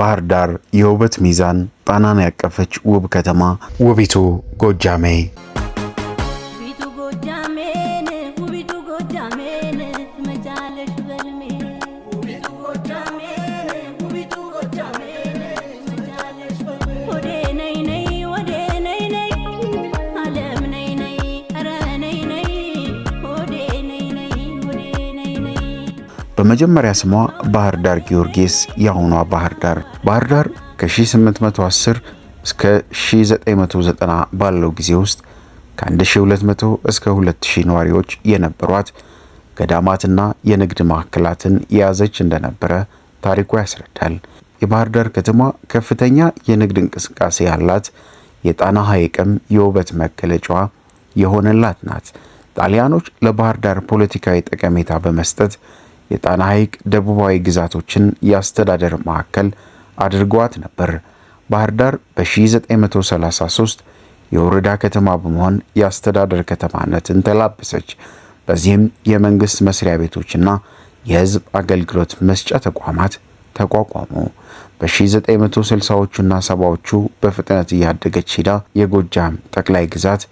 ባህር ዳር የውበት ሚዛን ጣናን ያቀፈች ውብ ከተማ ውቢቱ ጎጃሜ በመጀመሪያ ስሟ ባህር ዳር ጊዮርጊስ የአሁኗ ባህር ዳር። ባህር ዳር ከ1810 እስከ 1990 ባለው ጊዜ ውስጥ ከ1200 እስከ 2000 ነዋሪዎች የነበሯት ገዳማትና የንግድ ማዕከላትን የያዘች እንደነበረ ታሪኩ ያስረዳል። የባህር ዳር ከተማ ከፍተኛ የንግድ እንቅስቃሴ ያላት፣ የጣና ሐይቅም የውበት መገለጫዋ የሆነላት ናት። ጣሊያኖች ለባህር ዳር ፖለቲካዊ ጠቀሜታ በመስጠት የጣና ሐይቅ ደቡባዊ ግዛቶችን የአስተዳደር ማዕከል አድርጓት ነበር። ባህር ዳር በ1933 የወረዳ ከተማ በመሆን የአስተዳደር ከተማነትን ተላበሰች። በዚህም የመንግሥት መስሪያ ቤቶችና የሕዝብ አገልግሎት መስጫ ተቋማት ተቋቋሙ። በ1960ዎቹና ሰባዎቹ በፍጥነት እያደገች ሂዳ የጎጃም ጠቅላይ ግዛት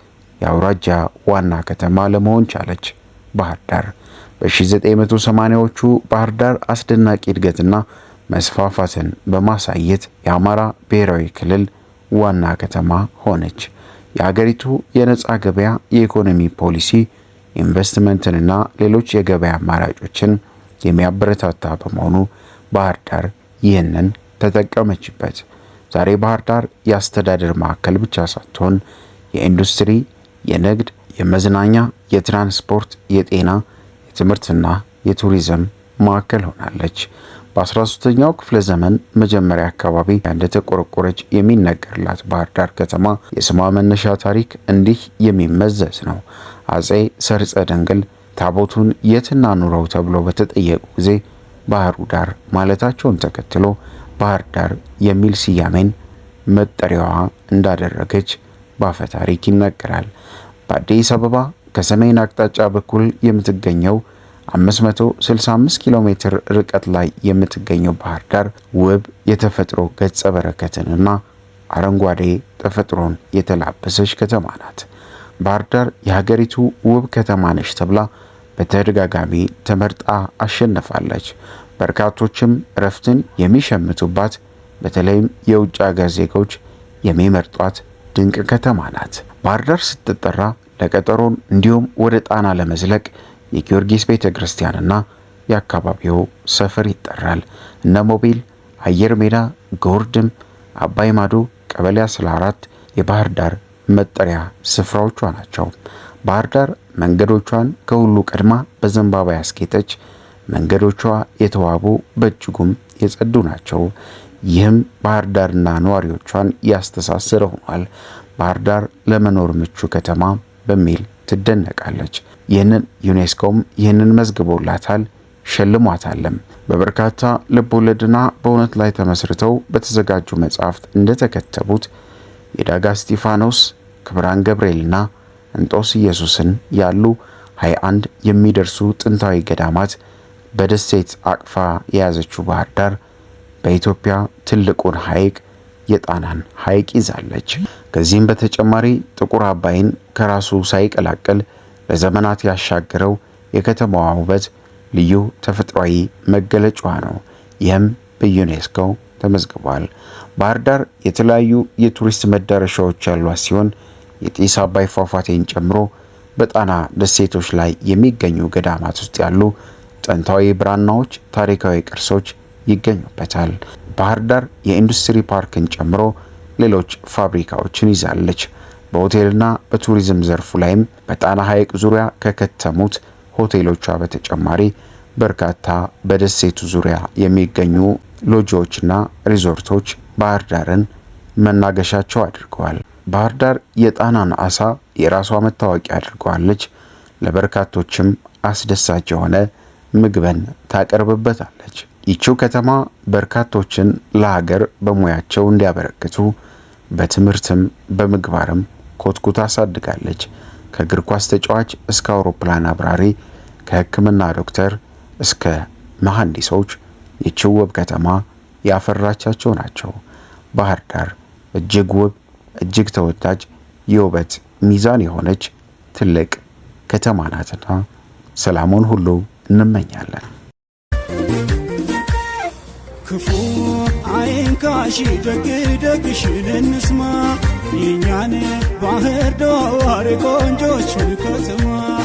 የአውራጃ ዋና ከተማ ለመሆን ቻለች። ባህር ዳር በ1980ዎቹ ባህር ዳር አስደናቂ እድገትና መስፋፋትን በማሳየት የአማራ ብሔራዊ ክልል ዋና ከተማ ሆነች። የሀገሪቱ የነፃ ገበያ የኢኮኖሚ ፖሊሲ ኢንቨስትመንትንና ሌሎች የገበያ አማራጮችን የሚያበረታታ በመሆኑ ባህር ዳር ይህንን ተጠቀመችበት። ዛሬ ባህር ዳር የአስተዳደር ማዕከል ብቻ ሳትሆን የኢንዱስትሪ፣ የንግድ፣ የመዝናኛ፣ የትራንስፖርት፣ የጤና ትምህርትና የቱሪዝም ማዕከል ሆናለች። በ13ኛው ክፍለ ዘመን መጀመሪያ አካባቢ እንደተቆረቆረች የሚነገርላት ባህር ዳር ከተማ የስሟ መነሻ ታሪክ እንዲህ የሚመዘዝ ነው። አጼ ሰርጸ ደንግል ታቦቱን የትና ኑረው ተብሎ በተጠየቁ ጊዜ ባህሩ ዳር ማለታቸውን ተከትሎ ባህር ዳር የሚል ስያሜን መጠሪያዋ እንዳደረገች ባፈ ታሪክ ይነገራል። በአዲስ አበባ ከሰሜን አቅጣጫ በኩል የምትገኘው 565 ኪሎ ሜትር ርቀት ላይ የምትገኘው ባህር ዳር ውብ የተፈጥሮ ገጸ በረከትንና አረንጓዴ ተፈጥሮን የተላበሰች ከተማ ናት። ባህር ዳር የሀገሪቱ ውብ ከተማ ነች ተብላ በተደጋጋሚ ተመርጣ አሸንፋለች። በርካቶችም እረፍትን የሚሸምቱባት በተለይም የውጭ ሀገር ዜጎች የሚመርጧት ድንቅ ከተማ ናት። ባህር ዳር ስትጠራ ለቀጠሮም እንዲሁም ወደ ጣና ለመዝለቅ የጊዮርጊስ ቤተ ክርስቲያንና የአካባቢው ሰፈር ይጠራል። እነ ሞቢል፣ አየር ሜዳ፣ ጎርድም፣ አባይ ማዶ፣ ቀበሌ 14 የባህር ዳር መጠሪያ ስፍራዎቿ ናቸው። ባህር ዳር መንገዶቿን ከሁሉ ቀድማ በዘንባባ ያስጌጠች፣ መንገዶቿ የተዋቡ በእጅጉም የጸዱ ናቸው። ይህም ባህር ዳርና ነዋሪዎቿን ያስተሳሰረ ሆኗል። ባህር ዳር ለመኖር ምቹ ከተማ በሚል ትደነቃለች። ይህንን ዩኔስኮም ይህንን መዝግቦላታል ሸልሟታለም። በበርካታ ልቦለድና በእውነት ላይ ተመስርተው በተዘጋጁ መጽሐፍት እንደተከተቡት የዳጋ እስጢፋኖስ፣ ክብራን ገብርኤልና እንጦስ ኢየሱስን ያሉ 21 የሚደርሱ ጥንታዊ ገዳማት በደሴት አቅፋ የያዘችው ባህር ዳር በኢትዮጵያ ትልቁን ሐይቅ የጣናን ሐይቅ ይዛለች። ከዚህም በተጨማሪ ጥቁር አባይን ከራሱ ሳይቀላቅል ለዘመናት ያሻገረው የከተማዋ ውበት ልዩ ተፈጥሯዊ መገለጫዋ ነው። ይህም በዩኔስኮ ተመዝግቧል። ባህር ዳር የተለያዩ የቱሪስት መዳረሻዎች ያሏት ሲሆን የጢስ አባይ ፏፏቴን ጨምሮ በጣና ደሴቶች ላይ የሚገኙ ገዳማት ውስጥ ያሉ ጥንታዊ ብራናዎች፣ ታሪካዊ ቅርሶች ይገኙበታል። ባህር ዳር የኢንዱስትሪ ፓርክን ጨምሮ ሌሎች ፋብሪካዎችን ይዛለች። በሆቴልና በቱሪዝም ዘርፉ ላይም በጣና ሐይቅ ዙሪያ ከከተሙት ሆቴሎቿ በተጨማሪ በርካታ በደሴቱ ዙሪያ የሚገኙ ሎጂዎችና ሪዞርቶች ባህር ዳርን መናገሻቸው አድርገዋል። ባህር ዳር የጣናን አሳ የራሷ መታወቂያ አድርገዋለች። ለበርካቶችም አስደሳች የሆነ ምግብን ታቀርብበታለች። ይቺው ከተማ በርካቶችን ለሀገር በሙያቸው እንዲያበረክቱ በትምህርትም በምግባርም ኮትኩታ አሳድጋለች። ከእግር ኳስ ተጫዋች እስከ አውሮፕላን አብራሪ፣ ከሕክምና ዶክተር እስከ መሐንዲሶች ይቺው ውብ ከተማ ያፈራቻቸው ናቸው። ባህር ዳር እጅግ ውብ እጅግ ተወዳጅ የውበት ሚዛን የሆነች ትልቅ ከተማ ናትና ሰላሙን ሁሉ እንመኛለን። ክፉ አይንካሽ፣ ደግ ደግሽን እንስማ የእኛን ባህር ዳር ቆንጆች ከተማ